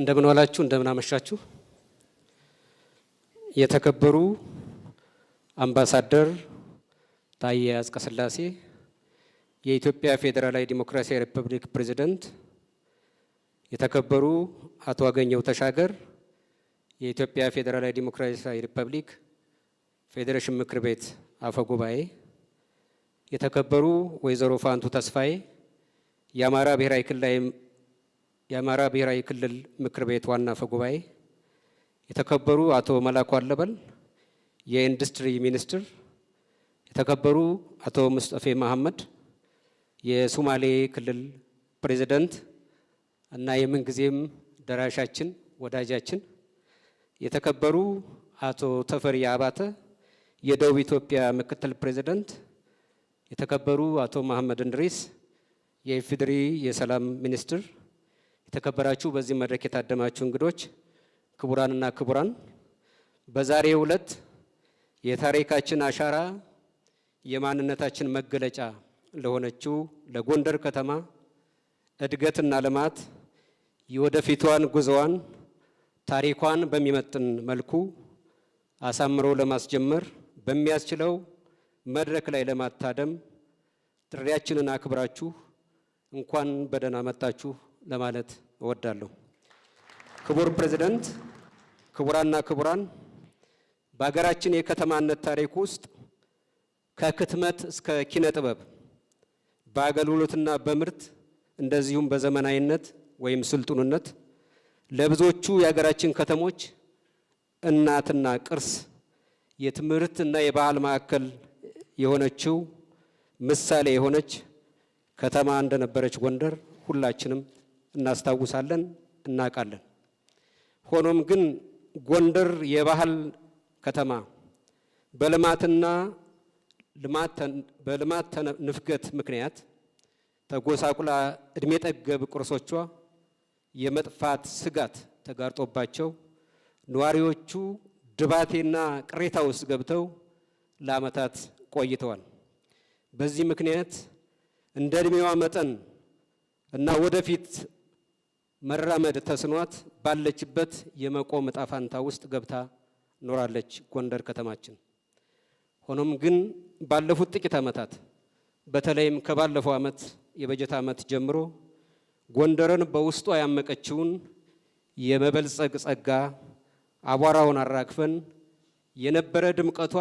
እንደምን ዋላችሁ፣ እንደምን አመሻችሁ። የተከበሩ አምባሳደር ታዬ አጽቀሥላሴ የኢትዮጵያ ፌዴራላዊ ዲሞክራሲያዊ ሪፐብሊክ ፕሬዝደንት፣ የተከበሩ አቶ አገኘው ተሻገር የኢትዮጵያ ፌዴራላዊ ዲሞክራሲያዊ ሪፐብሊክ ፌዴሬሽን ምክር ቤት አፈ ጉባኤ፣ የተከበሩ ወይዘሮ ፋንቱ ተስፋዬ የአማራ ብሔራዊ ክልላዊ የአማራ ብሔራዊ ክልል ምክር ቤት ዋና አፈ ጉባኤ፣ የተከበሩ አቶ መላኩ አለበል የኢንዱስትሪ ሚኒስትር፣ የተከበሩ አቶ ሙስጠፌ መሐመድ የሱማሌ ክልል ፕሬዚደንት እና የምንጊዜም ደራሻችን ወዳጃችን፣ የተከበሩ አቶ ተፈሪ አባተ የደቡብ ኢትዮጵያ ምክትል ፕሬዚደንት፣ የተከበሩ አቶ መሐመድ እንድሪስ የኢፌዴሪ የሰላም ሚኒስትር የተከበራችሁ በዚህ መድረክ የታደማችሁ እንግዶች፣ ክቡራንና ክቡራን፣ በዛሬው ዕለት የታሪካችን አሻራ የማንነታችን መገለጫ ለሆነችው ለጎንደር ከተማ እድገትና ልማት የወደፊቷን ጉዞዋን ታሪኳን በሚመጥን መልኩ አሳምሮ ለማስጀመር በሚያስችለው መድረክ ላይ ለማታደም ጥሪያችንን አክብራችሁ እንኳን በደህና መጣችሁ ለማለት እወዳለሁ። ክቡር ፕሬዝደንት፣ ክቡራና ክቡራን፣ በሀገራችን የከተማነት ታሪክ ውስጥ ከክትመት እስከ ኪነ ጥበብ በአገልግሎትና በምርት እንደዚሁም በዘመናዊነት ወይም ስልጡንነት ለብዙዎቹ የሀገራችን ከተሞች እናትና ቅርስ የትምህርት እና የባህል ማዕከል የሆነችው ምሳሌ የሆነች ከተማ እንደነበረች ጎንደር ሁላችንም እናስታውሳለን፣ እናውቃለን። ሆኖም ግን ጎንደር የባህል ከተማ በልማትና በልማት ንፍገት ምክንያት ተጎሳቁላ እድሜ ጠገብ ቅርሶቿ የመጥፋት ስጋት ተጋርጦባቸው ነዋሪዎቹ ድባቴና ቅሬታ ውስጥ ገብተው ለዓመታት ቆይተዋል። በዚህ ምክንያት እንደ እድሜዋ መጠን እና ወደፊት መራመድ ተስኗት ባለችበት የመቆም እጣ ውስጥ ገብታ ኖራለች ጎንደር ከተማችን። ሆኖም ግን ባለፉት ጥቂት ዓመታት በተለይም ከባለፈው ዓመት የበጀት ዓመት ጀምሮ ጎንደርን በውስጧ ያመቀችውን የመበልጸግ ጸጋ አቧራውን አራግፈን የነበረ ድምቀቷ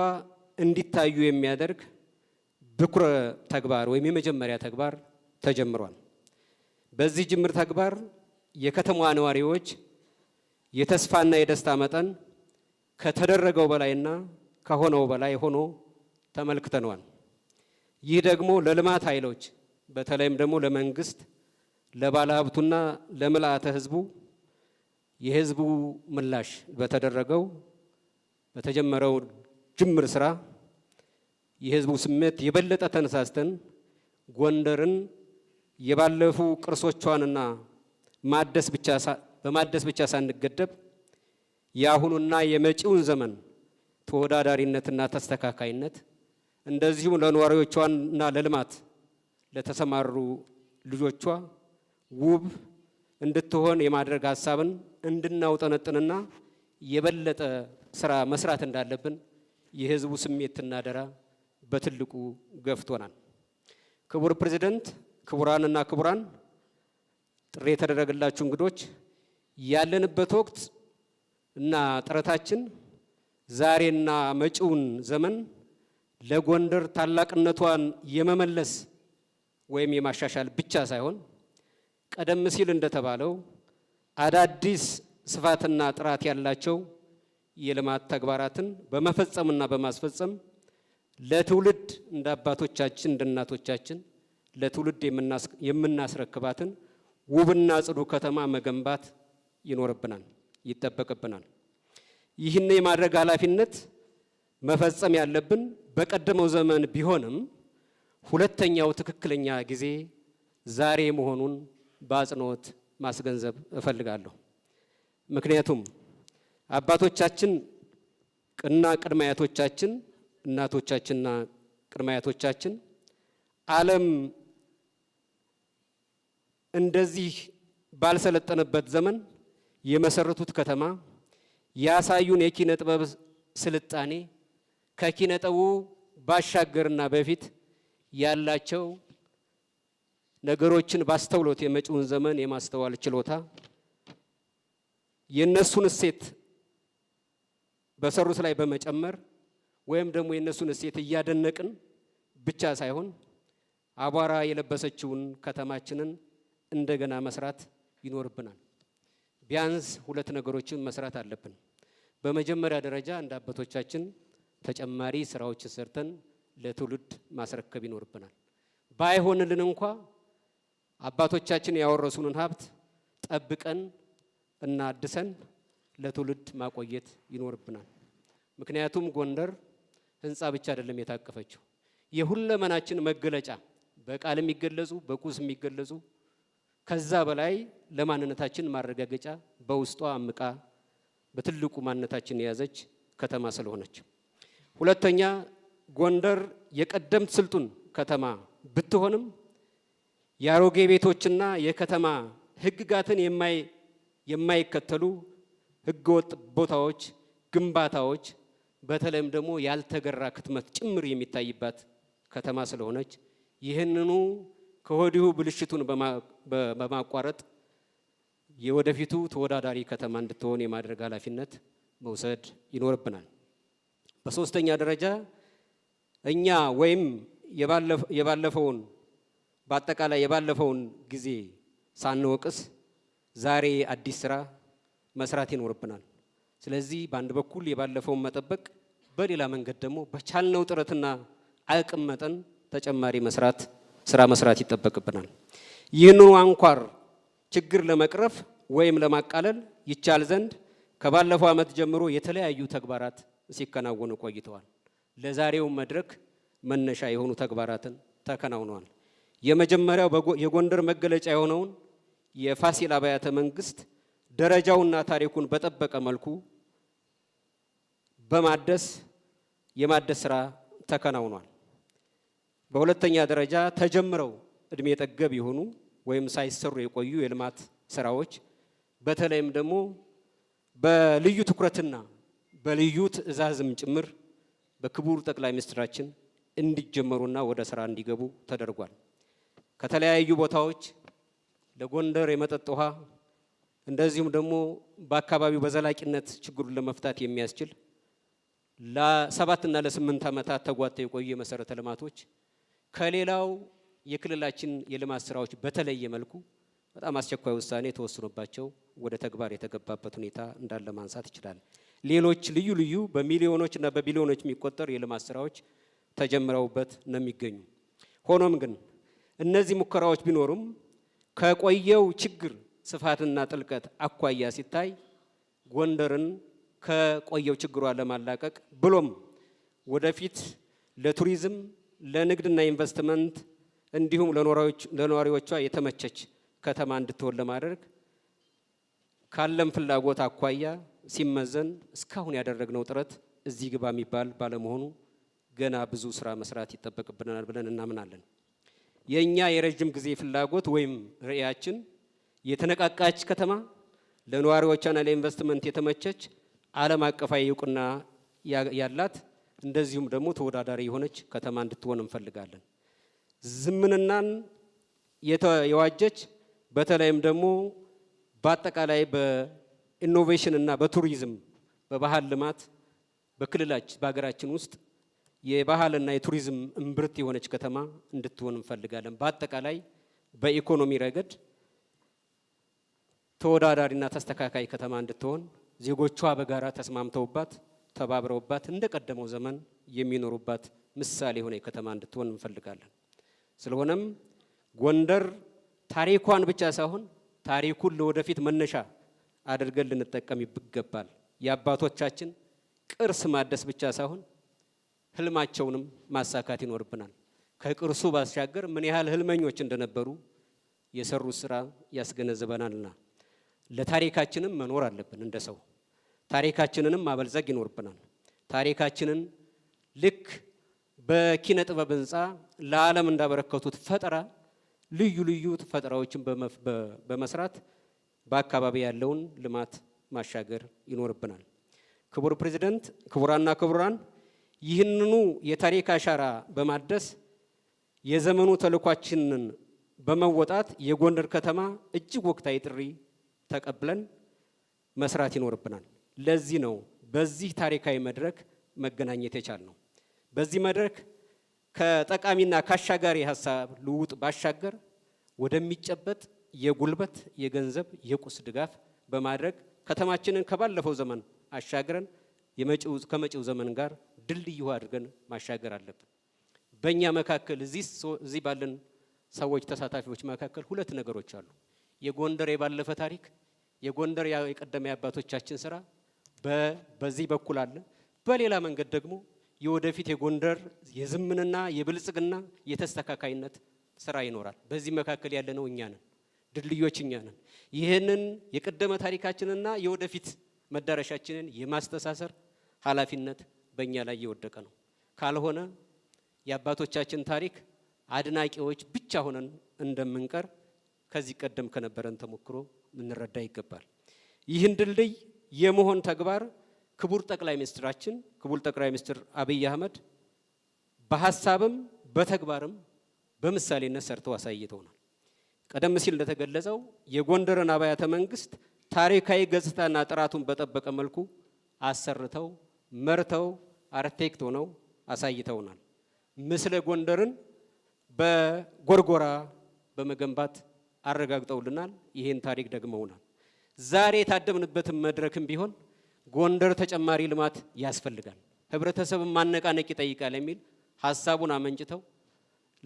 እንዲታዩ የሚያደርግ ብኩረ ተግባር ወይም የመጀመሪያ ተግባር ተጀምሯል። በዚህ ጅምር ተግባር የከተማዋ ነዋሪዎች የተስፋና የደስታ መጠን ከተደረገው በላይና ከሆነው በላይ ሆኖ ተመልክተነዋል። ይህ ደግሞ ለልማት ኃይሎች በተለይም ደግሞ ለመንግስት፣ ለባለሀብቱና ለምልአተ ህዝቡ የህዝቡ ምላሽ በተደረገው በተጀመረው ጅምር ስራ የህዝቡ ስሜት የበለጠ ተነሳስተን ጎንደርን የባለፉ ቅርሶቿንና ማደስ ብቻ በማደስ ብቻ ሳንገደብ የአሁኑና የመጪውን ዘመን ተወዳዳሪነትና ተስተካካይነት እንደዚሁም ለነዋሪዎቿና ለልማት ለተሰማሩ ልጆቿ ውብ እንድትሆን የማድረግ ሀሳብን እንድናውጠነጥንና የበለጠ ስራ መስራት እንዳለብን የህዝቡ ስሜትና እናደራ በትልቁ ገፍቶናል። ክቡር ፕሬዚደንት፣ ክቡራንና ክቡራን ጥሪ የተደረገላችሁ እንግዶች ያለንበት ወቅት እና ጥረታችን ዛሬና መጪውን ዘመን ለጎንደር ታላቅነቷን የመመለስ ወይም የማሻሻል ብቻ ሳይሆን ቀደም ሲል እንደተባለው አዳዲስ ስፋትና ጥራት ያላቸው የልማት ተግባራትን በመፈጸምና በማስፈጸም ለትውልድ እንደ አባቶቻችን እንደ እናቶቻችን ለትውልድ የምናስረክባትን ውብና ጽዱ ከተማ መገንባት ይኖርብናል፣ ይጠበቅብናል። ይህን የማድረግ ኃላፊነት መፈጸም ያለብን በቀደመው ዘመን ቢሆንም ሁለተኛው ትክክለኛ ጊዜ ዛሬ መሆኑን በአጽንኦት ማስገንዘብ እፈልጋለሁ። ምክንያቱም አባቶቻችን እና ቅድማያቶቻችን እናቶቻችንና ቅድማያቶቻችን ዓለም እንደዚህ ባልሰለጠነበት ዘመን የመሰረቱት ከተማ ያሳዩን የኪነ ጥበብ ስልጣኔ ከኪነ ጥበቡ ባሻገርና በፊት ያላቸው ነገሮችን ባስተውሎት የመጪውን ዘመን የማስተዋል ችሎታ የእነሱን እሴት በሰሩት ላይ በመጨመር ወይም ደግሞ የእነሱን እሴት እያደነቅን ብቻ ሳይሆን አቧራ የለበሰችውን ከተማችንን እንደገና መስራት ይኖርብናል። ቢያንስ ሁለት ነገሮችን መስራት አለብን። በመጀመሪያ ደረጃ እንደ አባቶቻችን ተጨማሪ ስራዎችን ሰርተን ለትውልድ ማስረከብ ይኖርብናል። ባይሆንልን እንኳ አባቶቻችን ያወረሱንን ሀብት ጠብቀን እና አድሰን ለትውልድ ማቆየት ይኖርብናል። ምክንያቱም ጎንደር ህንፃ ብቻ አይደለም የታቀፈችው፣ የሁለመናችን መገለጫ በቃል የሚገለጹ በቁስ የሚገለጹ ከዛ በላይ ለማንነታችን ማረጋገጫ በውስጧ አምቃ በትልቁ ማንነታችን የያዘች ከተማ ስለሆነች፣ ሁለተኛ ጎንደር የቀደምት ስልጡን ከተማ ብትሆንም የአሮጌ ቤቶችና የከተማ ህግጋትን የማይከተሉ ህገወጥ ቦታዎች፣ ግንባታዎች በተለይም ደግሞ ያልተገራ ክትመት ጭምር የሚታይባት ከተማ ስለሆነች ይህንኑ ከወዲሁ ብልሽቱን በማቋረጥ የወደፊቱ ተወዳዳሪ ከተማ እንድትሆን የማድረግ ኃላፊነት መውሰድ ይኖርብናል። በሶስተኛ ደረጃ እኛ ወይም የባለፈውን በአጠቃላይ የባለፈውን ጊዜ ሳንወቅስ ዛሬ አዲስ ስራ መስራት ይኖርብናል። ስለዚህ በአንድ በኩል የባለፈውን መጠበቅ፣ በሌላ መንገድ ደግሞ በቻልነው ጥረትና አቅም መጠን ተጨማሪ መስራት ስራ መስራት ይጠበቅብናል። ይህንኑ አንኳር ችግር ለመቅረፍ ወይም ለማቃለል ይቻል ዘንድ ከባለፈው ዓመት ጀምሮ የተለያዩ ተግባራት ሲከናወኑ ቆይተዋል። ለዛሬው መድረክ መነሻ የሆኑ ተግባራትን ተከናውነዋል። የመጀመሪያው የጎንደር መገለጫ የሆነውን የፋሲል አብያተ መንግስት ደረጃውና ታሪኩን በጠበቀ መልኩ በማደስ የማደስ ስራ ተከናውኗል። በሁለተኛ ደረጃ ተጀምረው እድሜ ጠገብ የሆኑ ወይም ሳይሰሩ የቆዩ የልማት ስራዎች በተለይም ደግሞ በልዩ ትኩረትና በልዩ ትዕዛዝም ጭምር በክቡር ጠቅላይ ሚኒስትራችን እንዲጀመሩና ወደ ስራ እንዲገቡ ተደርጓል። ከተለያዩ ቦታዎች ለጎንደር የመጠጥ ውሃ እንደዚሁም ደግሞ በአካባቢው በዘላቂነት ችግሩን ለመፍታት የሚያስችል ለሰባትና ለስምንት ዓመታት ተጓተው የቆዩ የመሰረተ ልማቶች ከሌላው የክልላችን የልማት ስራዎች በተለየ መልኩ በጣም አስቸኳይ ውሳኔ ተወስኖባቸው ወደ ተግባር የተገባበት ሁኔታ እንዳለ ማንሳት ይችላል። ሌሎች ልዩ ልዩ በሚሊዮኖች እና በቢሊዮኖች የሚቆጠሩ የልማት ስራዎች ተጀምረውበት ነው የሚገኙ። ሆኖም ግን እነዚህ ሙከራዎች ቢኖሩም ከቆየው ችግር ስፋትና ጥልቀት አኳያ ሲታይ ጎንደርን ከቆየው ችግሯ ለማላቀቅ ብሎም ወደፊት ለቱሪዝም ለንግድና ኢንቨስትመንት እንዲሁም ለነዋሪዎቿ የተመቸች ከተማ እንድትሆን ለማድረግ ካለም ፍላጎት አኳያ ሲመዘን እስካሁን ያደረግነው ጥረት እዚህ ግባ የሚባል ባለመሆኑ ገና ብዙ ስራ መስራት ይጠበቅብናል ብለን እናምናለን። የእኛ የረዥም ጊዜ ፍላጎት ወይም ርዕያችን የተነቃቃች ከተማ፣ ለነዋሪዎቿና ለኢንቨስትመንት የተመቸች ዓለም አቀፋዊ እውቅና ያላት እንደዚሁም ደግሞ ተወዳዳሪ የሆነች ከተማ እንድትሆን እንፈልጋለን። ዝምንናን የዋጀች በተለይም ደግሞ በአጠቃላይ በኢኖቬሽን እና በቱሪዝም በባህል ልማት በክልላችን በሀገራችን ውስጥ የባህልና የቱሪዝም እምብርት የሆነች ከተማ እንድትሆን እንፈልጋለን። በአጠቃላይ በኢኮኖሚ ረገድ ተወዳዳሪና ተስተካካይ ከተማ እንድትሆን ዜጎቿ በጋራ ተስማምተውባት ተባብረውባት እንደ ቀደመው ዘመን የሚኖሩባት ምሳሌ የሆነ ከተማ እንድትሆን እንፈልጋለን። ስለሆነም ጎንደር ታሪኳን ብቻ ሳይሆን ታሪኩን ለወደፊት መነሻ አድርገን ልንጠቀም ይገባል። የአባቶቻችን ቅርስ ማደስ ብቻ ሳይሆን ህልማቸውንም ማሳካት ይኖርብናል። ከቅርሱ ባሻገር ምን ያህል ህልመኞች እንደነበሩ የሰሩት ስራ ያስገነዝበናልና ለታሪካችንም መኖር አለብን እንደ ሰው ታሪካችንንም ማበልጸግ ይኖርብናል። ታሪካችንን ልክ በኪነ ጥበብ ህንፃ ለዓለም እንዳበረከቱት ፈጠራ ልዩ ልዩ ፈጠራዎችን በመስራት በአካባቢ ያለውን ልማት ማሻገር ይኖርብናል። ክቡር ፕሬዚደንት፣ ክቡራና ክቡራን ይህንኑ የታሪክ አሻራ በማደስ የዘመኑ ተልኳችንን በመወጣት የጎንደር ከተማ እጅግ ወቅታዊ ጥሪ ተቀብለን መስራት ይኖርብናል። ለዚህ ነው በዚህ ታሪካዊ መድረክ መገናኘት የቻልነው። በዚህ መድረክ ከጠቃሚና ከአሻጋሪ ሀሳብ ልውውጥ ባሻገር ወደሚጨበጥ የጉልበት፣ የገንዘብ፣ የቁስ ድጋፍ በማድረግ ከተማችንን ከባለፈው ዘመን አሻግረን ከመጪው ዘመን ጋር ድልድይ አድርገን ማሻገር አለብን። በእኛ መካከል እዚህ ባለን ሰዎች ተሳታፊዎች መካከል ሁለት ነገሮች አሉ። የጎንደር የባለፈ ታሪክ፣ የጎንደር የቀደመ የአባቶቻችን ስራ በዚህ በኩል አለ። በሌላ መንገድ ደግሞ የወደፊት የጎንደር የዝምንና የብልጽግና የተስተካካይነት ስራ ይኖራል። በዚህ መካከል ያለነው እኛ ነን፣ ድልድዮች እኛ ነን። ይህንን የቀደመ ታሪካችንና የወደፊት መዳረሻችንን የማስተሳሰር ኃላፊነት በእኛ ላይ እየወደቀ ነው። ካልሆነ የአባቶቻችን ታሪክ አድናቂዎች ብቻ ሆነን እንደምንቀር ከዚህ ቀደም ከነበረን ተሞክሮ ልንረዳ ይገባል። ይህን ድልድይ የመሆን ተግባር ክቡር ጠቅላይ ሚኒስትራችን ክቡር ጠቅላይ ሚኒስትር አብይ አህመድ በሀሳብም በተግባርም በምሳሌነት ሰርተው አሳይተውናል። ቀደም ሲል እንደተገለጸው የጎንደርን አብያተ መንግስት ታሪካዊ ገጽታና ጥራቱን በጠበቀ መልኩ አሰርተው መርተው አርቴክት ሆነው አሳይተውናል። ምስለ ጎንደርን በጎርጎራ በመገንባት አረጋግጠውልናል። ይህን ታሪክ ደግመውናል። ዛሬ የታደምንበትን መድረክም ቢሆን ጎንደር ተጨማሪ ልማት ያስፈልጋል፣ ህብረተሰብን ማነቃነቅ ይጠይቃል የሚል ሀሳቡን አመንጭተው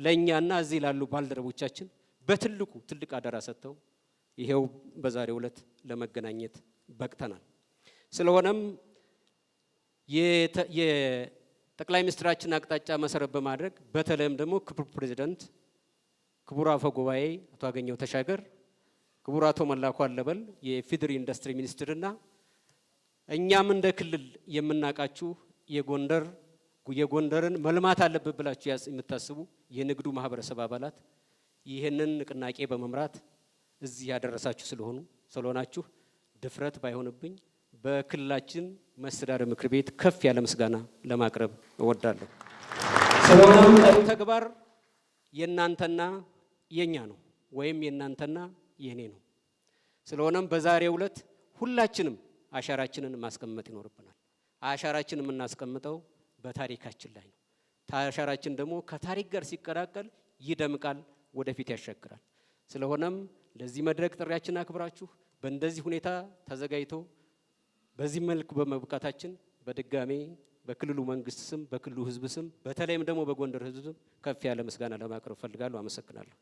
ለእኛና እዚህ ላሉ ባልደረቦቻችን በትልቁ ትልቅ አደራ ሰጥተው ይሄው በዛሬው ዕለት ለመገናኘት በቅተናል። ስለሆነም የጠቅላይ ሚኒስትራችን አቅጣጫ መሰረት በማድረግ በተለይም ደግሞ ክቡር ፕሬዚደንት ክቡር አፈ ጉባኤ አቶ አገኘው ተሻገር ክቡር አቶ መላኩ አለበል የፊድሪ ኢንዱስትሪ ሚኒስትርና እኛም እንደ ክልል የምናውቃችሁ የጎንደር የጎንደርን መልማት አለብን ብላችሁ የምታስቡ የንግዱ ማህበረሰብ አባላት ይህንን ንቅናቄ በመምራት እዚህ ያደረሳችሁ ስለሆኑ ስለሆናችሁ ድፍረት ባይሆንብኝ በክልላችን መስተዳደር ምክር ቤት ከፍ ያለ ምስጋና ለማቅረብ እወዳለሁ። ተግባር የእናንተና የእኛ ነው ወይም የእናንተና የኔ ነው። ስለሆነም በዛሬው ዕለት ሁላችንም አሻራችንን ማስቀመጥ ይኖርብናል። አሻራችን የምናስቀምጠው በታሪካችን ላይ ነው። አሻራችን ደግሞ ከታሪክ ጋር ሲቀላቀል ይደምቃል፣ ወደፊት ያሻግራል። ስለሆነም ለዚህ መድረክ ጥሪያችን አክብራችሁ በእንደዚህ ሁኔታ ተዘጋጅቶ በዚህ መልክ በመብቃታችን በድጋሜ በክልሉ መንግስት ስም፣ በክልሉ ህዝብ ስም፣ በተለይም ደግሞ በጎንደር ህዝብ ስም ከፍ ያለ ምስጋና ለማቅረብ እፈልጋለሁ። አመሰግናለሁ።